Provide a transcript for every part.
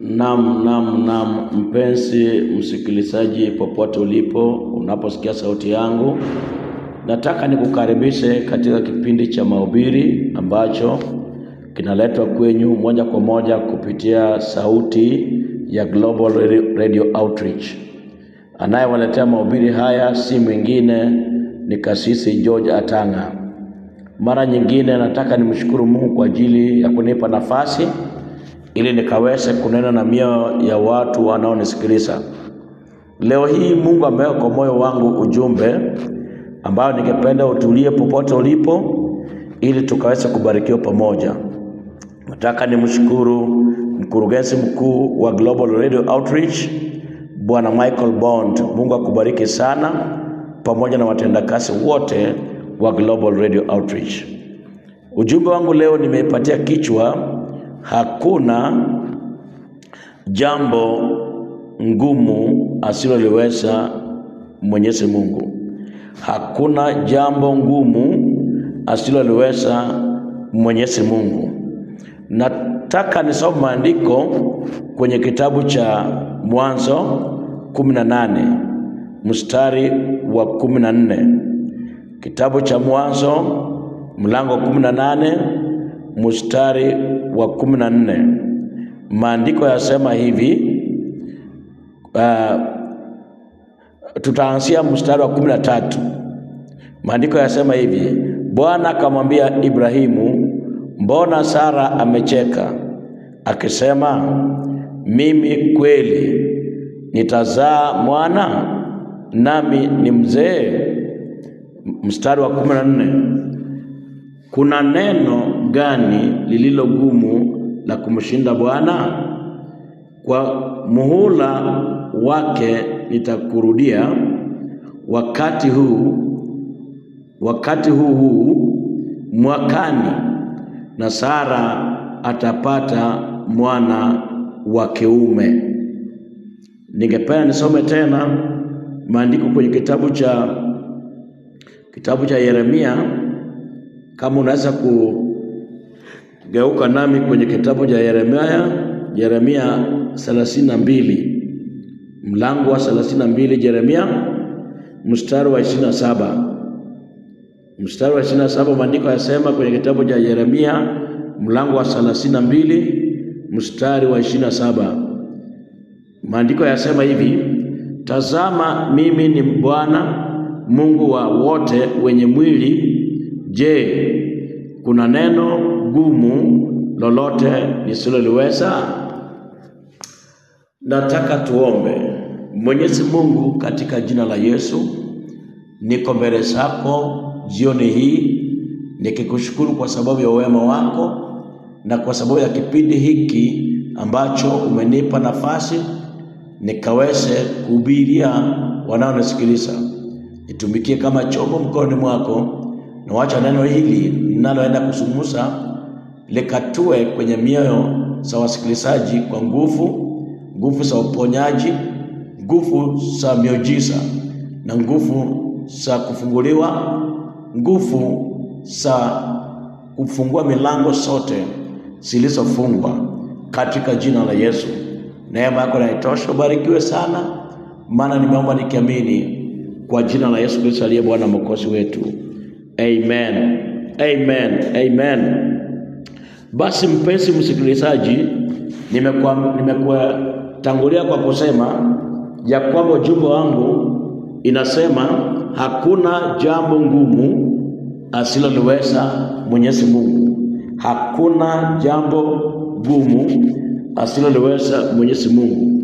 Nam nam nam, mpenzi msikilizaji, popote ulipo, unaposikia sauti yangu, nataka nikukaribishe katika kipindi cha mahubiri ambacho kinaletwa kwenyu moja kwa moja kupitia sauti ya Global Radio Outreach. Anayewaletea mahubiri haya si mwingine, ni Kasisi George Atanga. Mara nyingine nataka nimshukuru Mungu kwa ajili ya kunipa nafasi ili nikaweze kunena na mioyo ya watu wanaonisikiliza. Leo hii Mungu ameweka kwa moyo wangu ujumbe ambayo ningependa utulie popote ulipo, ili tukaweze kubarikiwa pamoja. Nataka nimshukuru mkurugenzi mkuu wa Global Radio Outreach Bwana Michael Bond. Mungu akubariki sana, pamoja na watendakazi wote wa Global Radio Outreach. Ujumbe wangu leo nimeipatia kichwa Hakuna jambo ngumu asiloliweza Mwenyezi Mungu. Hakuna jambo ngumu asiloliweza Mwenyezi Mungu. Nataka nisome maandiko kwenye kitabu cha Mwanzo 18 mstari wa 14. Kitabu cha Mwanzo mlango mstari wa kumi na nne maandiko yasema hivi uh, tutaanzia mstari wa kumi na tatu maandiko yasema hivi Bwana akamwambia Ibrahimu, mbona Sara amecheka akisema, mimi kweli nitazaa mwana nami ni mzee? Mstari wa kumi na nne kuna neno gani lililo gumu la kumshinda Bwana? Kwa muhula wake nitakurudia wakati huu wakati huu huu mwakani, na Sara atapata mwana wa kiume. Ningependa nisome tena maandiko kwenye kitabu cha kitabu cha Yeremia, kama unaweza ku Geuka nami kwenye kitabu cha Yeremia, Yeremia 32 mlango wa 32, Yeremia mstari wa 27, mstari wa 27. Maandiko yasema kwenye kitabu cha Yeremia mlango wa 32 mstari wa 27, maandiko yasema hivi: Tazama, mimi ni Bwana Mungu wa wote wenye mwili. Je, kuna neno gumu lolote nisiloliweza. Nataka tuombe. Mwenyezi Mungu, katika jina la Yesu, niko mbele zako jioni hii nikikushukuru kwa sababu ya wema wako na kwa sababu ya kipindi hiki ambacho umenipa nafasi nikaweze kuhubiria wanaonisikiliza. Nitumikie kama chombo mkononi mwako, na wacha neno hili ninaloenda kusumusa likatue kwenye mioyo za wasikilizaji kwa nguvu, nguvu za uponyaji, nguvu za miujiza na nguvu za kufunguliwa, nguvu za kufungua milango zote zilizofungwa katika jina la Yesu. Neema yako na Ubarikiwe sana, maana nimeomba nikiamini kwa jina la Yesu Kristo aliye Bwana mwokozi wetu. Amen, amen, amen. Basi mpenzi msikilizaji, nimekutangulia nime kwa kusema ya kwamba ujumbe wangu inasema hakuna jambo ngumu asiloliweza Mwenyezi Mungu, hakuna jambo gumu asiloliweza Mwenyezi Mungu.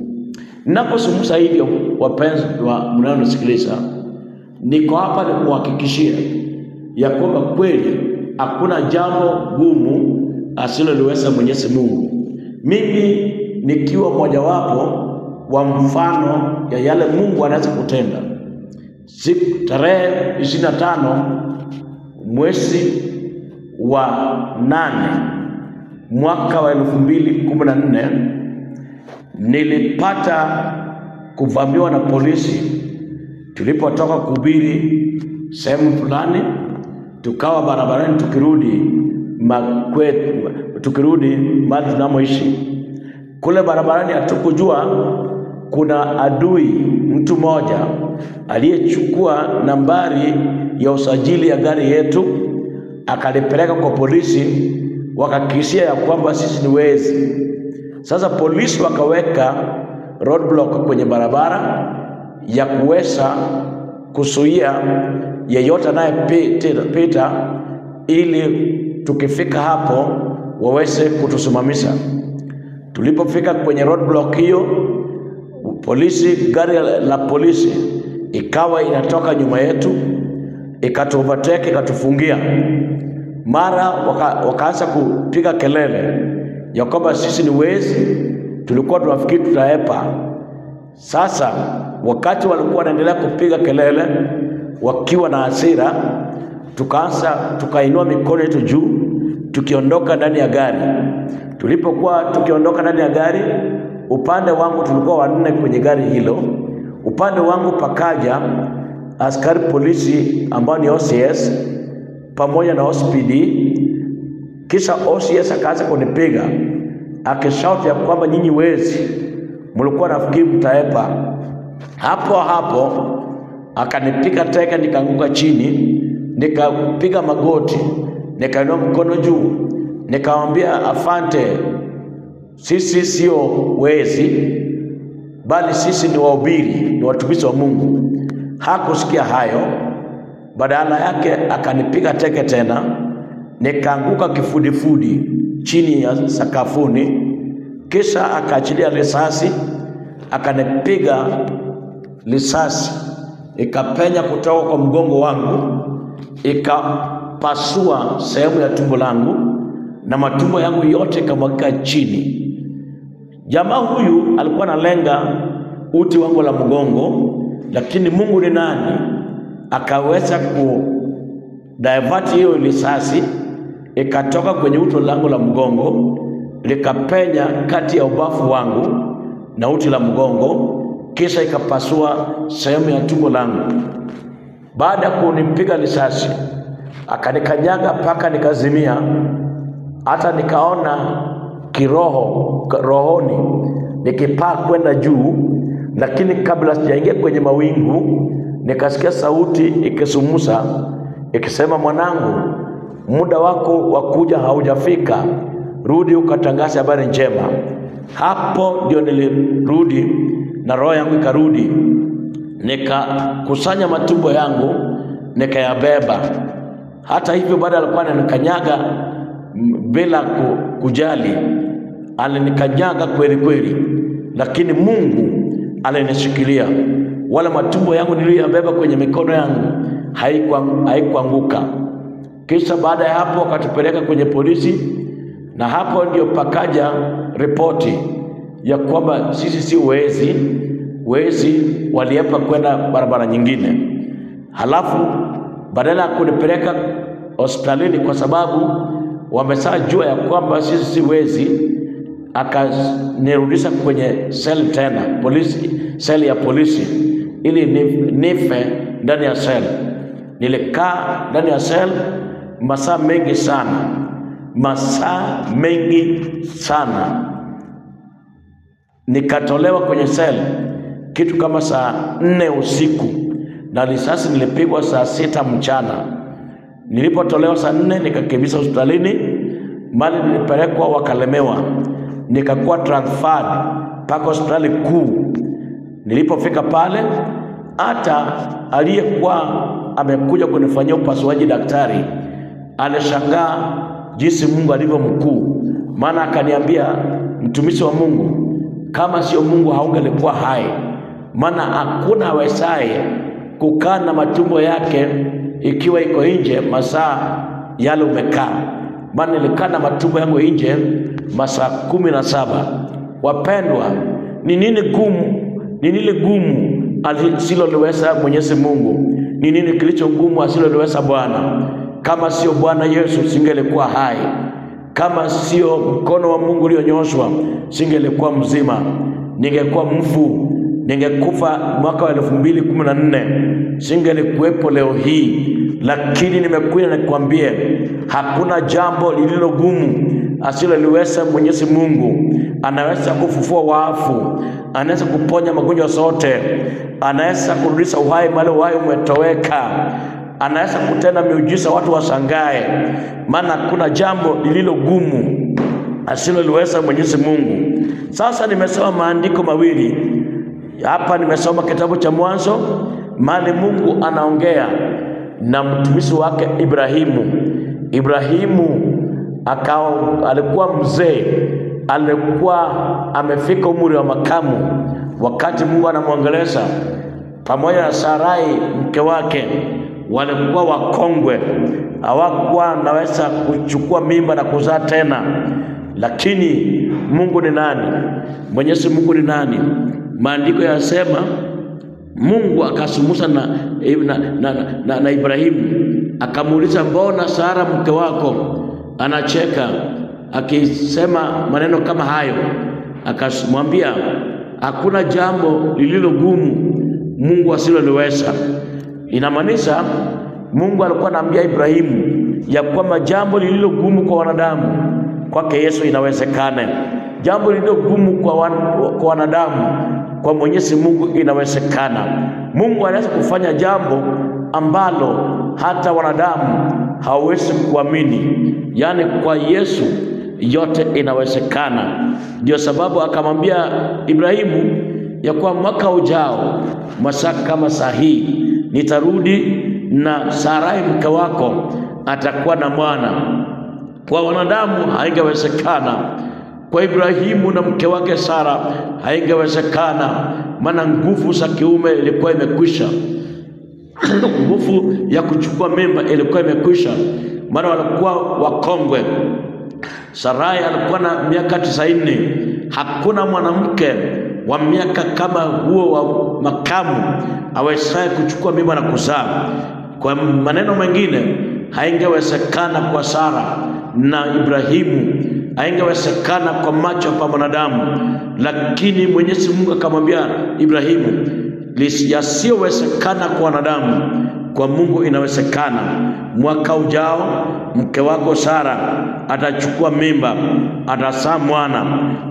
Ninapozungumza hivyo, wapenzi wa mnaonisikiliza, niko hapa nikuhakikishia ya kwamba kweli hakuna jambo gumu asiloliweza Mwenyezi Mungu. Mimi nikiwa mojawapo wa mfano ya yale Mungu anaweza kutenda. Siku tarehe ishirini na tano mwezi wa nane mwaka wa elfu mbili kumi na nne nilipata kuvamiwa na polisi tulipotoka kuhubiri sehemu fulani, tukawa barabarani tukirudi makwetu, tukirudi mali tunamoishi kule barabarani, hatukujua kuna adui mtu mmoja aliyechukua nambari ya usajili ya gari yetu akalipeleka kwa polisi, wakakisia ya kwamba sisi ni wezi. Sasa polisi wakaweka roadblock kwenye barabara ya kuweza kusuia yeyote anayepita ili tukifika hapo waweze kutusimamisha. Tulipofika kwenye roadblock hiyo, polisi, gari la polisi ikawa inatoka nyuma yetu, ikatu overtake, ikatufungia. Mara waka, wakaanza kupiga kelele ya kwamba sisi ni wezi, tulikuwa tunafikiri tutaepa. Sasa wakati walikuwa wanaendelea kupiga kelele wakiwa na hasira tukaanza tukainua mikono yetu juu tukiondoka ndani ya gari. Tulipokuwa tukiondoka ndani ya gari, upande wangu tulikuwa wanne kwenye gari hilo, upande wangu pakaja askari polisi ambao ni OCS pamoja na OSPD. Kisha OCS akaanza kunipiga akishout ya kwamba nyinyi wezi, mlikuwa nafikiri mtaepa. Hapo hapo akanipiga teke, nikaanguka chini nikapiga magoti, nikainua mkono juu, nikamwambia afante, sisi sio wezi, bali sisi ni wahubiri, ni watumishi wa Mungu. Hakusikia hayo, badala yake akanipiga teke tena, nikaanguka kifudifudi chini ya sakafuni, kisha akaachilia risasi akanipiga risasi ikapenya kutoka kwa mgongo wangu ikapasua sehemu ya tumbo langu na matumbo yangu yote ikamwagika chini. Jamaa huyu alikuwa analenga uti wangu la mgongo, lakini Mungu ni nani akaweza ku divert hiyo risasi, ikatoka kwenye uti langu la mgongo likapenya kati ya ubavu wangu na uti la mgongo, kisha ikapasua sehemu ya tumbo langu baada ya kunipiga risasi akanikanyaga mpaka nikazimia, hata nikaona kiroho rohoni nikipaa kwenda juu, lakini kabla sijaingia kwenye mawingu nikasikia sauti ikisumusa ikisema, mwanangu, muda wako wa kuja haujafika, rudi ukatangaza habari njema. Hapo ndio nilirudi na roho yangu ikarudi nikakusanya matumbo yangu nikayabeba. Hata hivyo, baada alikuwa ananikanyaga bila kujali, alinikanyaga kweli kweli, lakini Mungu alinishikilia. Wala matumbo yangu niliyoyabeba kwenye mikono yangu haikuanguka. Kisha baada ya hapo wakatupeleka kwenye polisi, na hapo ndio pakaja ripoti ya kwamba sisi si wezi wezi waliepa kwenda barabara nyingine, halafu badala ya kunipeleka hospitalini kwa sababu wamesaa jua ya kwamba sisi si wezi, akanirudisha kwenye seli tena, polisi, seli ya polisi ili nife ndani ya seli. Nilikaa ndani ya seli masaa mengi sana, masaa mengi sana, nikatolewa kwenye seli kitu kama saa nne usiku na risasi nilipigwa saa sita mchana. Nilipotolewa saa nne nikakimbiza hospitalini, mali nilipelekwa wakalemewa, nikakuwa transferred mpaka hospitali kuu. Nilipofika pale, hata aliyekuwa amekuja kunifanyia upasuaji daktari alishangaa jinsi Mungu alivyo mkuu, maana akaniambia, mtumishi wa Mungu, kama sio Mungu haungelikuwa hai maana hakuna awezaye kukaa na matumbo yake ikiwa iko nje masaa yale umekaa. Maana nilikaa na matumbo yangu nje masaa kumi na saba. Wapendwa, ni nini gumu? Ni nini gumu asiloliweza Mwenyezi Mungu? Ni nini kilicho gumu asiloliweza Bwana? Kama sio Bwana Yesu singelikuwa hai, kama sio mkono wa Mungu ulionyoshwa singelikuwa mzima, ningekuwa mfu ningekufa mwaka wa elfu mbili kumi na nne singelikuwepo leo hii, lakini nimekuja nikwambie, hakuna jambo lililo gumu asiloliweza Mwenyezi Mungu. Anaweza kufufua wafu, anaweza kuponya magonjwa zote, anaweza kurudisha uhai mahali uhai umetoweka, anaweza kutenda miujiza watu washangae, maana hakuna jambo lililo gumu asiloliweza Mwenyezi Mungu. Sasa nimesoma maandiko mawili hapa nimesoma kitabu cha Mwanzo mali Mungu anaongea na mtumishi wake Ibrahimu. Ibrahimu akao, alikuwa mzee, alikuwa amefika umri wa makamu, wakati Mungu anamwongeleza pamoja na Sarai mke wake, walikuwa wakongwe, hawakuwa naweza kuchukua mimba na kuzaa tena. Lakini Mungu ni nani? Mwenyezi Mungu ni nani? maandiko yanasema Mungu akasumusa na, na, na, na, na Ibrahimu akamuuliza, mbona Sara mke wako anacheka akisema maneno kama hayo? Akamwambia, hakuna jambo lililo gumu Mungu asiloliweza. Inamaanisha Mungu alikuwa anaambia Ibrahimu ya kwamba jambo lililo gumu kwa wanadamu kwake Yesu inawezekana. Jambo lililo gumu kwa, wan, kwa wanadamu kwa Mwenyezi Mungu inawezekana. Mungu anaweza kufanya jambo ambalo hata wanadamu hawawezi kuamini, yaani kwa Yesu yote inawezekana. Ndio sababu akamwambia Ibrahimu ya kuwa mwaka ujao masaa kama saa hii nitarudi na Sarai mke wako atakuwa na mwana. Kwa wanadamu haingewezekana kwa Ibrahimu na mke wake Sara haingewezekana, maana nguvu za kiume ilikuwa imekwisha. nguvu ya kuchukua mimba ilikuwa imekwisha, maana walikuwa wakongwe. Sarai alikuwa na miaka tisaini. Hakuna mwanamke wa miaka kama huo wa makamu awezaye kuchukua mimba na kuzaa. Kwa maneno mengine, haingewezekana kwa Sara na Ibrahimu haingewezekana kwa macho pa mwanadamu, lakini Mwenyezi Mungu akamwambia Ibrahimu, yasiyowezekana kwa wanadamu kwa Mungu inawezekana. Mwaka ujao mke wako Sara atachukua mimba, atazaa mwana,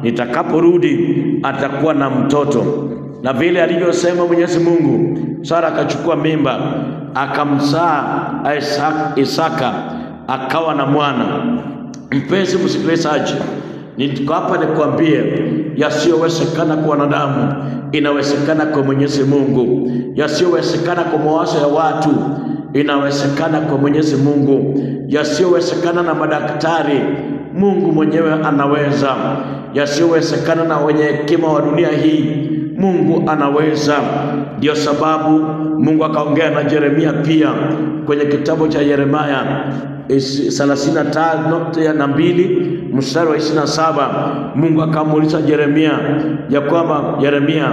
nitakaporudi atakuwa na mtoto. Na vile alivyosema Mwenyezi Mungu, Sara akachukua mimba, akamzaa Isaka akawa na mwana. Mpenzi msikilizaji, niko hapa nikwambie, yasiyowezekana kwa wanadamu inawezekana kwa Mwenyezi Mungu, yasiyowezekana kwa mawazo ya watu inawezekana kwa Mwenyezi Mungu, yasiyowezekana na madaktari Mungu mwenyewe anaweza, yasiyowezekana na wenye hekima wa dunia hii Mungu anaweza Ndiyo sababu Mungu akaongea na Yeremia pia kwenye kitabu cha Yeremia 35 eh, na mbili mstari wa 27, Mungu akamuuliza Yeremia ya kwamba Yeremia,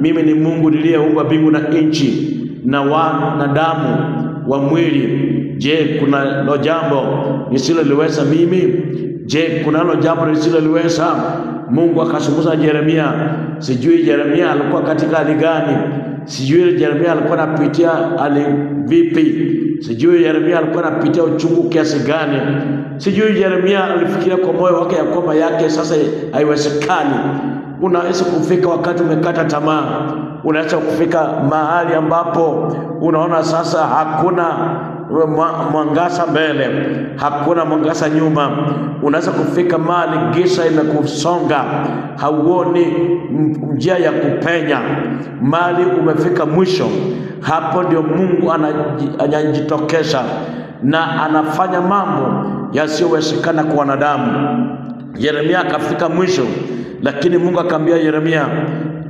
mimi ni Mungu niliyeumba mbingu na nchi na wanadamu wa mwili. Je, kunalo jambo nisiloliweza mimi? Je, kunalo jambo nisiloliweza? Mungu akazungumza Yeremia. Sijui Yeremia alikuwa katika hali gani sijui Yeremia alikuwa anapitia ali vipi, sijui Yeremia alikuwa anapitia uchungu kiasi gani, sijui Yeremia alifikiria kwa moyo wake ya kwamba yake sasa haiwezekani. Unaweza kufika wakati umekata tamaa, unaweza kufika mahali ambapo unaona sasa hakuna uwe mwangaza mbele, hakuna mwangaza nyuma. Unaweza kufika mahali giza imekusonga, hauoni njia ya kupenya, mahali umefika mwisho. Hapo ndio Mungu anajitokeza na anafanya mambo yasiyowezekana kwa wanadamu. Yeremia akafika mwisho, lakini Mungu akamwambia Yeremia,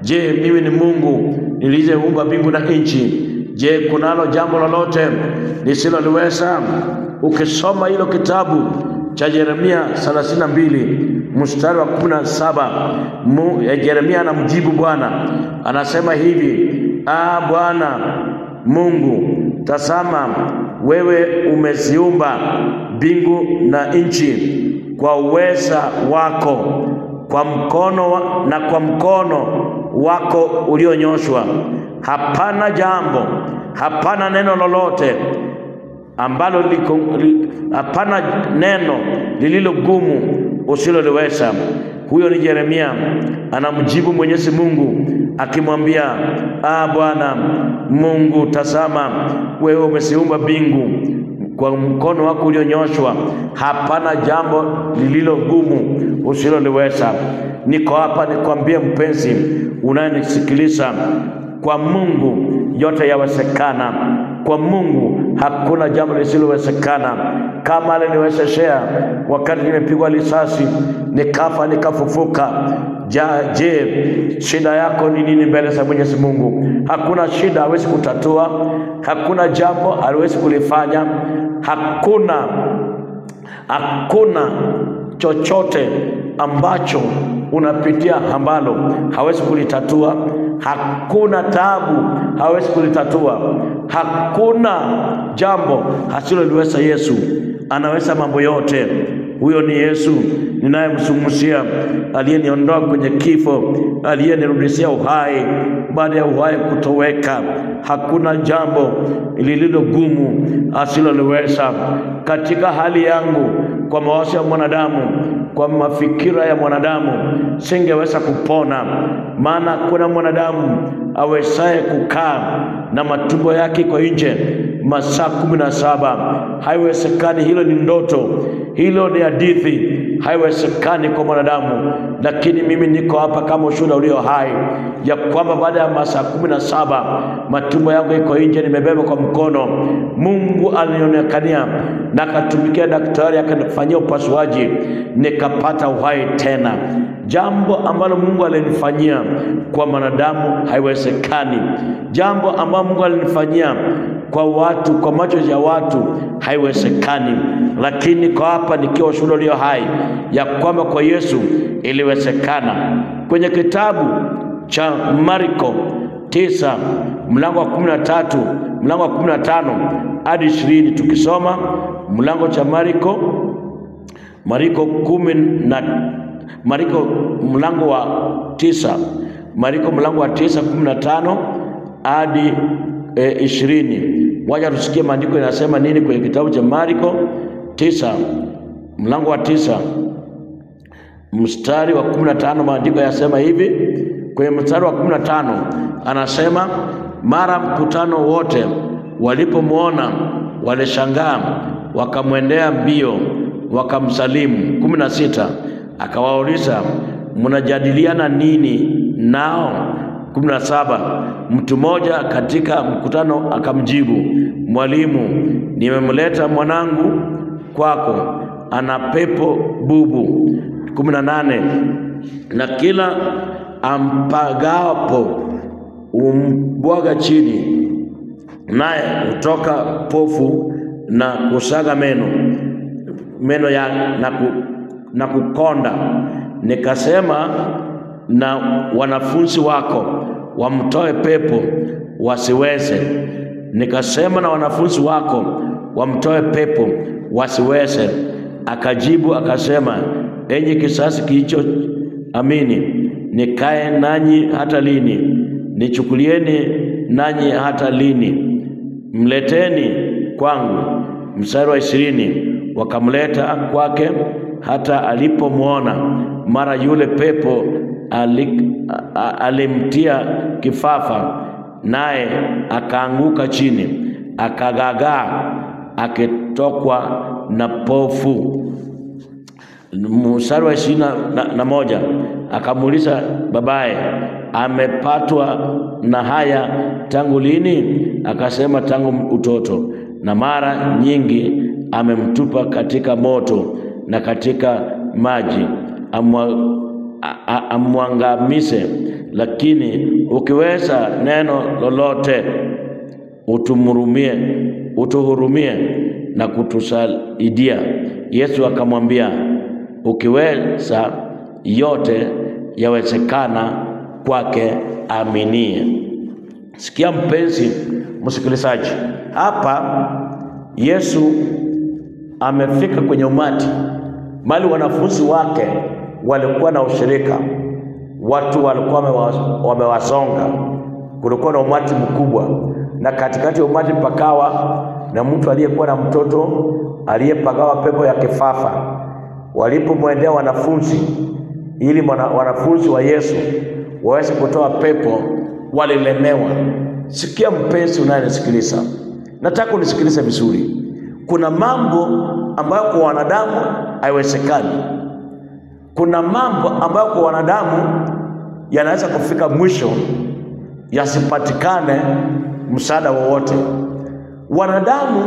je, mimi ni Mungu niliyeumba mbingu na nchi Je, kunalo jambo lolote lisiloliweza? Ukisoma hilo kitabu cha Yeremia 32 mstari wa 17, mu, Yeremia eh, anamjibu Bwana anasema hivi: ah, Bwana Mungu, tazama wewe umeziumba mbingu na nchi kwa uweza wako, kwa mkono wa, na kwa mkono wako ulionyoshwa hapana jambo, hapana neno lolote ambalo liko, li, hapana neno lililo gumu usiloliweza. Huyo ni Yeremia anamjibu Mwenyezi Mungu akimwambia, ah, Bwana Mungu, tazama wewe umesiumba mbingu kwa mkono wako ulionyoshwa, hapana jambo lililo gumu usiloliweza. Niko hapa nikwambie mpenzi unayenisikiliza kwa Mungu yote yawezekana. Kwa Mungu hakuna jambo lisilowezekana. Kama aliniwezeshea wakati nimepigwa risasi nikafa nikafufuka, ja, je, shida yako ni nini mbele za Mwenyezi Mungu? Hakuna shida hawezi kutatua, hakuna jambo haliwezi kulifanya, hakuna hakuna chochote ambacho unapitia ambalo hawezi kulitatua hakuna taabu hawezi kulitatua, hakuna jambo hasiloliweza Yesu. Anaweza mambo yote. Huyo ni Yesu ninayemzungumzia, aliyeniondoa kwenye kifo, aliyenirudishia uhai baada ya uhai kutoweka. Hakuna jambo lililo gumu asiloliweza. Katika hali yangu, kwa mawazo ya mwanadamu kwa mafikira ya mwanadamu singeweza kupona. Maana kuna mwanadamu awezaye kukaa na matumbo yake kwa nje masaa kumi na saba. Haiwezekani, hilo ni ndoto, hilo ni hadithi haiwezekani kwa mwanadamu, lakini mimi niko hapa kama ushuhuda ulio hai ya kwamba baada ya masaa kumi na saba matumbo yangu iko nje, nimebeba kwa mkono. Mungu alionekania na akatumikia daktari, akanifanyia upasuaji, nikapata uhai tena. Jambo ambalo Mungu alinifanyia kwa mwanadamu haiwezekani, jambo ambalo Mungu alinifanyia kwa watu, kwa macho ya watu haiwezekani, lakini kwa hapa nikiwa shule ulio hai ya kwamba kwa Yesu iliwezekana. Kwenye kitabu cha Marko tisa mlango wa kumi na tatu mlango wa kumi na tano hadi ishirini tukisoma mlango cha Marko Mariko kumi na Mariko mlango wa tisa Mariko mlango wa tisa kumi na tano hadi eh, ishirini. Wacha tusikie maandiko yanasema nini kwenye kitabu cha Marko tisa mlango wa tisa mstari wa kumi na tano maandiko yanasema hivi. Kwenye mstari wa kumi na tano anasema mara mkutano wote walipomwona walishangaa, wakamwendea mbio, wakamsalimu. kumi na sita akawauliza mnajadiliana nini nao? saba mtu mmoja katika mkutano akamjibu, Mwalimu, nimemleta mwanangu kwako, ana pepo bubu. nane na kila ampagapo umbwaga chini, naye hutoka pofu na kusaga meno meno ya na, ku, na kukonda. Nikasema na wanafunzi wako wamtoe pepo wasiweze. Nikasema na wanafunzi wako wamtoe pepo wasiweze. Akajibu akasema, enyi kisasi kilicho amini, nikae nanyi hata lini? Nichukulieni nanyi hata lini? Mleteni kwangu. Mstari wa ishirini, wakamleta kwake hata alipomwona, mara yule pepo alik, alimtia kifafa naye akaanguka chini akagagaa akitokwa na pofu. Mstari wa ishirini na, na moja akamuuliza babaye, amepatwa na haya tangu lini? Akasema, tangu utoto, na mara nyingi amemtupa katika moto na katika maji amwa amwangamize, lakini ukiweza neno lolote utumurumie, utuhurumie na kutusaidia. Yesu akamwambia, ukiweza yote yawezekana kwake aminie. Sikia mpenzi msikilizaji, hapa Yesu amefika kwenye umati mali wanafunzi wake walikuwa na ushirika, watu walikuwa wamewasonga, kulikuwa na umati mkubwa, na katikati ya umati pakawa na mtu aliyekuwa na mtoto aliyepagawa pepo ya kifafa. Walipomwendea wanafunzi ili wanafunzi wa Yesu waweze kutoa pepo, walilemewa. Sikia mpenzi unayenisikiliza, nataka unisikilize vizuri. Kuna mambo ambayo kwa wanadamu haiwezekani kuna mambo ambayo kwa wanadamu yanaweza kufika mwisho yasipatikane msaada wowote. Wanadamu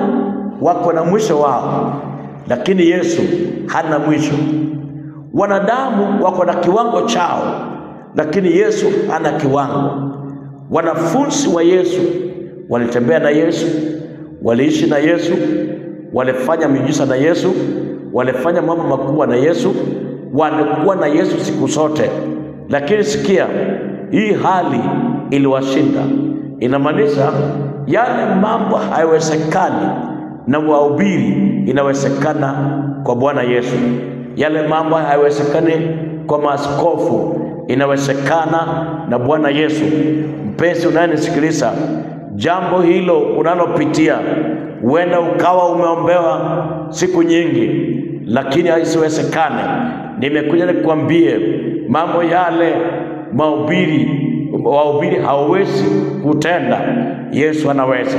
wako na mwisho wao, lakini Yesu hana mwisho. Wanadamu wako na kiwango chao, lakini Yesu hana kiwango. Wanafunzi wa Yesu walitembea na Yesu, waliishi na Yesu, walifanya miujiza na Yesu, walifanya mambo makubwa na Yesu wamekuwa na Yesu siku zote, lakini sikia, hii hali iliwashinda. Inamaanisha yale mambo hayawezekani na wahubiri inawezekana kwa Bwana Yesu. Yale mambo hayawezekani kwa maaskofu inawezekana na Bwana Yesu. Mpenzi unayenisikiliza, jambo hilo unalopitia huenda ukawa umeombewa siku nyingi, lakini haisiwezekane nimekuja nikwambie mambo yale mahubiri wahubiri hawezi kutenda, Yesu anaweza.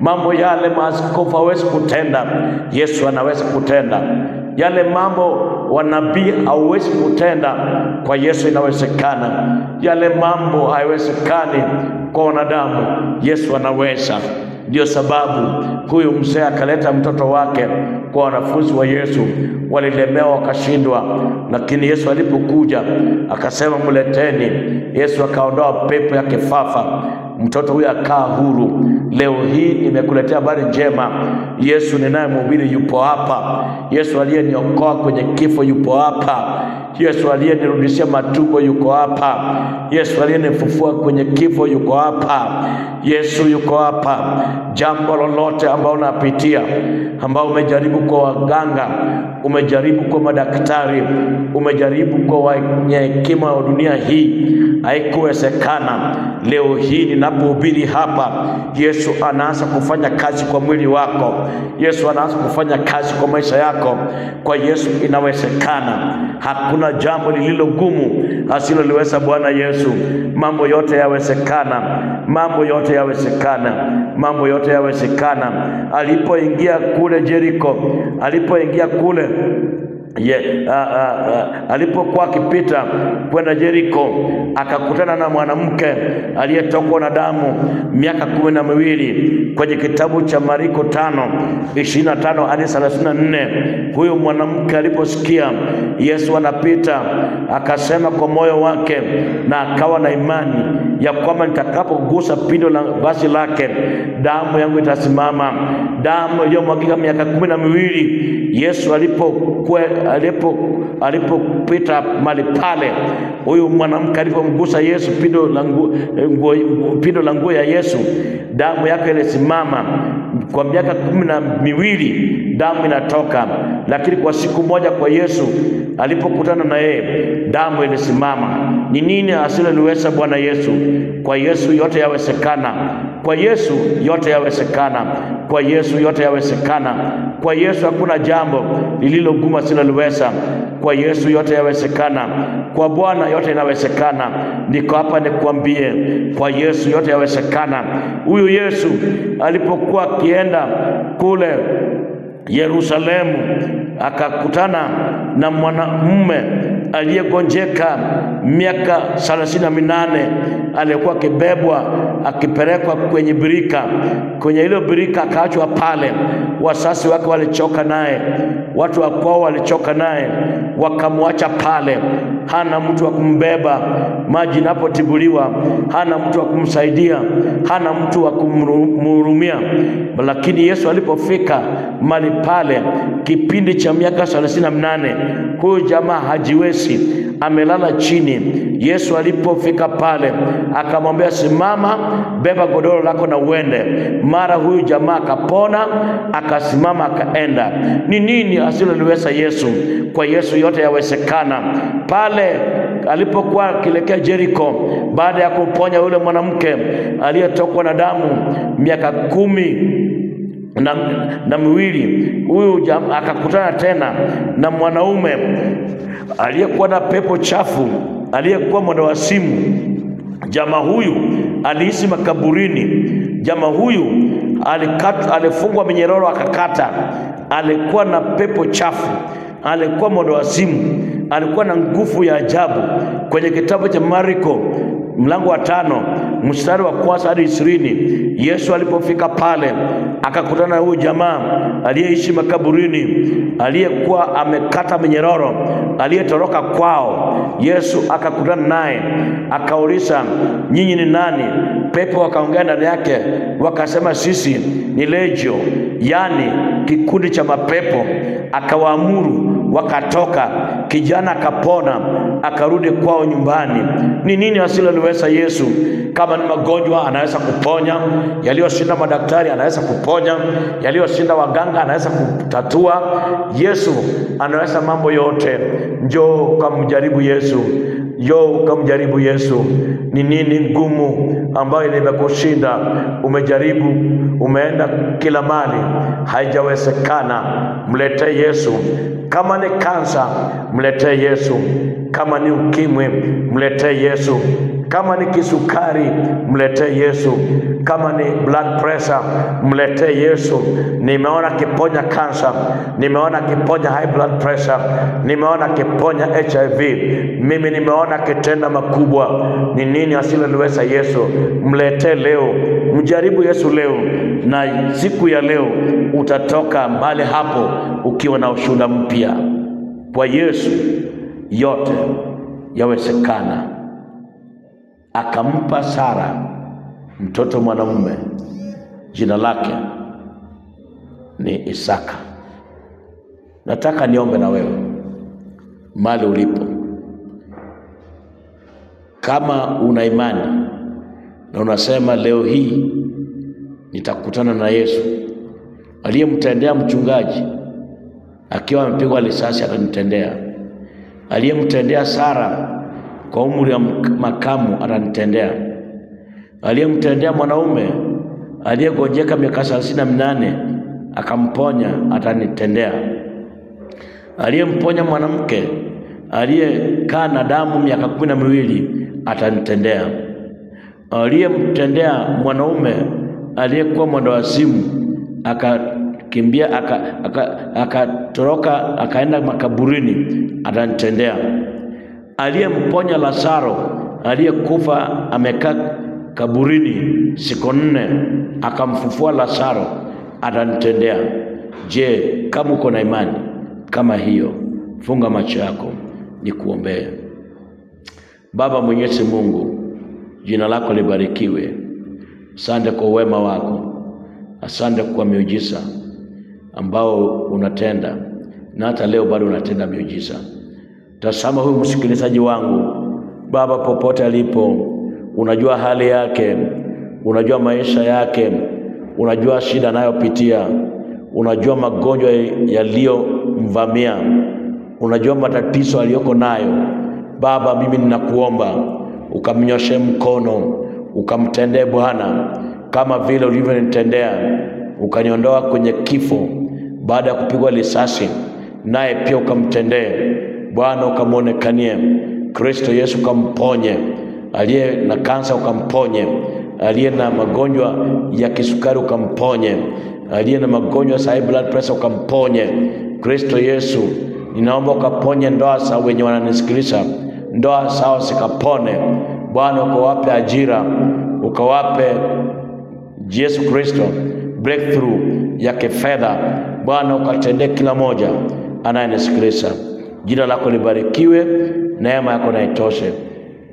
Mambo yale maaskofu hawezi kutenda, Yesu anaweza kutenda. Yale mambo wanabii hawezi kutenda, kwa Yesu inawezekana. Yale mambo haiwezekani kwa wanadamu, Yesu anaweza. Ndiyo sababu huyu mzee akaleta mtoto wake kwa wanafunzi wa Yesu, walilemewa wakashindwa, lakini Yesu alipokuja akasema mleteni. Yesu akaondoa pepo ya kifafa, mtoto huyo akaa huru. Leo hii nimekuletea habari njema. Yesu ninayemhubiri yupo hapa. Yesu aliyeniokoa kwenye kifo yupo hapa. Yesu aliyenirudishia matumbo yuko hapa. Yesu aliyenifufua kwenye kifo yuko hapa. Yesu yuko hapa. Jambo lolote ambao unapitia, ambao umejaribu kwa waganga, umejaribu kwa madaktari, umejaribu kwa wenye hekima wa dunia hii, haikuwezekana. Leo hii ninapohubiri hapa, Yesu anaanza kufanya kazi kwa mwili wako. Yesu anaanza kufanya kazi kwa maisha yako. Kwa Yesu inawezekana. Hakuna hakuna jambo lililo gumu asiloliweza Bwana Yesu. Mambo yote yawezekana, mambo yote yawezekana, mambo yote yawezekana. Alipoingia kule Jeriko, alipoingia kule Ye, a, a, a, alipokuwa akipita kwenda Jeriko akakutana na mwanamke aliyetokwa na damu miaka kumi na miwili. Kwenye kitabu cha Mariko tano ishirini na tano hadi thelathini na nne huyu mwanamke aliposikia Yesu anapita akasema kwa moyo wake na akawa na imani ya kwamba nitakapogusa pindo la vazi lake damu yangu itasimama, damu iliyomwagika miaka kumi na miwili. Yesu alipokuwa alipo alipopita mali pale, huyu mwanamke alipomgusa Yesu pindo la eh, nguo pindo la nguo ya Yesu, damu yake ilisimama kwa miaka kumi na miwili damu inatoka, lakini kwa siku moja kwa Yesu alipokutana na yeye damu ilisimama. Ni nini asilo Bwana Yesu? Kwa Yesu yote yawezekana. Kwa Yesu yote yawezekana, kwa Yesu yote yawezekana, kwa Yesu hakuna jambo lililoguma silaliweza, kwa Yesu yote yawezekana, kwa Bwana yote inawezekana. Niko hapa nikuambie, kwa Yesu yote yawezekana. Huyu Yesu alipokuwa akienda kule Yerusalemu, akakutana na mwanamume aliyegonjeka miaka thelathini na minane alikuwa akibebwa akipelekwa kwenye birika, kwenye hilo birika akaachwa pale. Wasasi wake walichoka naye, watu wa kwao walichoka naye, wakamwacha pale hana mtu wa kumbeba maji inapotibuliwa, hana mtu wa kumsaidia, hana mtu wa kumhurumia. Lakini Yesu alipofika mali pale, kipindi cha miaka thelathini na nane, huyu jamaa hajiwezi amelala chini. Yesu alipofika pale akamwambia, simama, beba godoro lako na uende. Mara huyu jamaa akapona, akasimama, akaenda. Ni nini asiloliweza Yesu? Kwa Yesu yote yawezekana pale pale alipokuwa akielekea Jeriko baada ya kuponya yule mwanamke aliyetokwa na damu miaka kumi na, na miwili. Huyu akakutana tena na mwanaume aliyekuwa na pepo chafu, aliyekuwa simu Jamaa huyu aliishi makaburini. Jamaa huyu alikat, alifungwa minyororo akakata, alikuwa na pepo chafu alikuwa modo wa simu, alikuwa na nguvu ya ajabu. Kwenye kitabu cha mariko mlango wa tano mstari wa kwanza hadi ishirini Yesu alipofika pale akakutana na huyu jamaa aliyeishi makaburini, aliyekuwa amekata minyororo, aliyetoroka kwao. Yesu akakutana naye akauliza, nyinyi ni nani? Pepo wakaongea ndani yake wakasema, sisi ni lejio yaani kikundi cha mapepo. Akawaamuru wakatoka, kijana akapona, akarudi kwao nyumbani. Ni nini asiloliweza Yesu? Kama ni magonjwa anaweza kuponya, yaliyoshinda madaktari anaweza kuponya, yaliyoshinda waganga anaweza kutatua. Yesu anaweza mambo yote. Njoo ukamjaribu Yesu, njoo ukamjaribu Yesu. Ni nini ngumu ambayo imekushinda? Umejaribu, umeenda kila mali, haijawezekana. Mletee Yesu. Kama ni kansa, mletee Yesu. Kama ni ukimwi, mletee Yesu. Kama ni kisukari, mletee Yesu. Kama ni blood pressure, mletee Yesu. Nimeona kiponya kansa, nimeona kiponya high blood pressure, nimeona kiponya HIV. Mimi nimeona kitenda makubwa. Ni nini asiloliweza Yesu? Mletee leo, mjaribu Yesu leo, na siku ya leo utatoka mbali hapo ukiwa na ushuhuda mpya kwa Yesu yote yawezekana. Akampa Sara mtoto mwanamume, jina lake ni Isaka. Nataka niombe na wewe mali ulipo, kama una imani na unasema leo hii nitakutana na Yesu aliyemtendea mchungaji akiwa amepigwa risasi akanitendea Aliyemtendea Sara kwa umri wa makamu atanitendea. Aliyemtendea mwanaume aliyegonjeka miaka thelathini na minane akamponya atanitendea. Aliyemponya mwanamke aliyekaa na damu miaka kumi na miwili atanitendea. Aliyemtendea mwanaume aliyekuwa mwendawasimu aka akakimbia akatoroka aka, aka akaenda makaburini, atanitendea. Aliyemponya Lazaro aliyekufa amekaa kaburini siku nne, akamfufua Lazaro, atanitendea. Je, kama uko na imani kama hiyo, funga macho yako nikuombee. Baba Mwenyezi Mungu, jina lako libarikiwe. Asante kwa wema wako, asante kwa miujiza ambao unatenda na hata leo bado unatenda miujiza. Tazama huyu msikilizaji wangu, Baba, popote alipo, unajua hali yake, unajua maisha yake, unajua shida anayopitia, unajua magonjwa yaliyomvamia, unajua matatizo aliyoko nayo. Baba, mimi ninakuomba ukamnyoshe mkono, ukamtendee Bwana kama vile ulivyonitendea, ukaniondoa kwenye kifo baada ya kupigwa risasi, naye pia ukamtendee. Bwana ukamwonekanie. Kristo Yesu ukamponye, aliye na kansa ukamponye, aliye na magonjwa ya kisukari ukamponye, aliye na magonjwa ya high blood pressure ukamponye. Kristo Yesu, ninaomba ukaponye ndoa za wenye wananisikiliza, ndoa sawa zikapone. Bwana ukawape ajira, ukawape Yesu Kristo breakthrough ya kifedha Bwana ukatendee kila moja anayenisikiliza. Jina lako libarikiwe, neema yako na itoshe,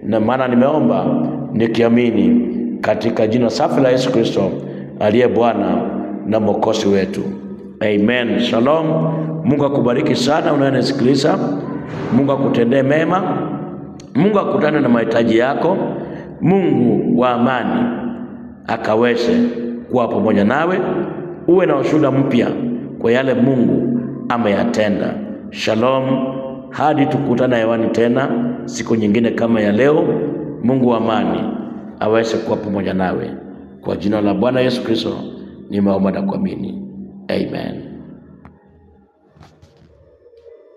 na maana nimeomba nikiamini katika jina safi la Yesu Kristo aliye Bwana na mwokozi wetu, amen. Shalom. Mungu akubariki sana unayenisikiliza. Mungu akutendee mema. Mungu akutane na mahitaji yako. Mungu wa amani akaweze kuwa pamoja nawe, uwe na ushuhuda mpya kwa yale Mungu ameyatenda. Shalom, hadi tukutana hewani tena siku nyingine kama ya leo. Mungu wa amani aweze kuwa pamoja nawe. Kwa jina la Bwana Yesu Kristo nimeomba na kuamini, amen.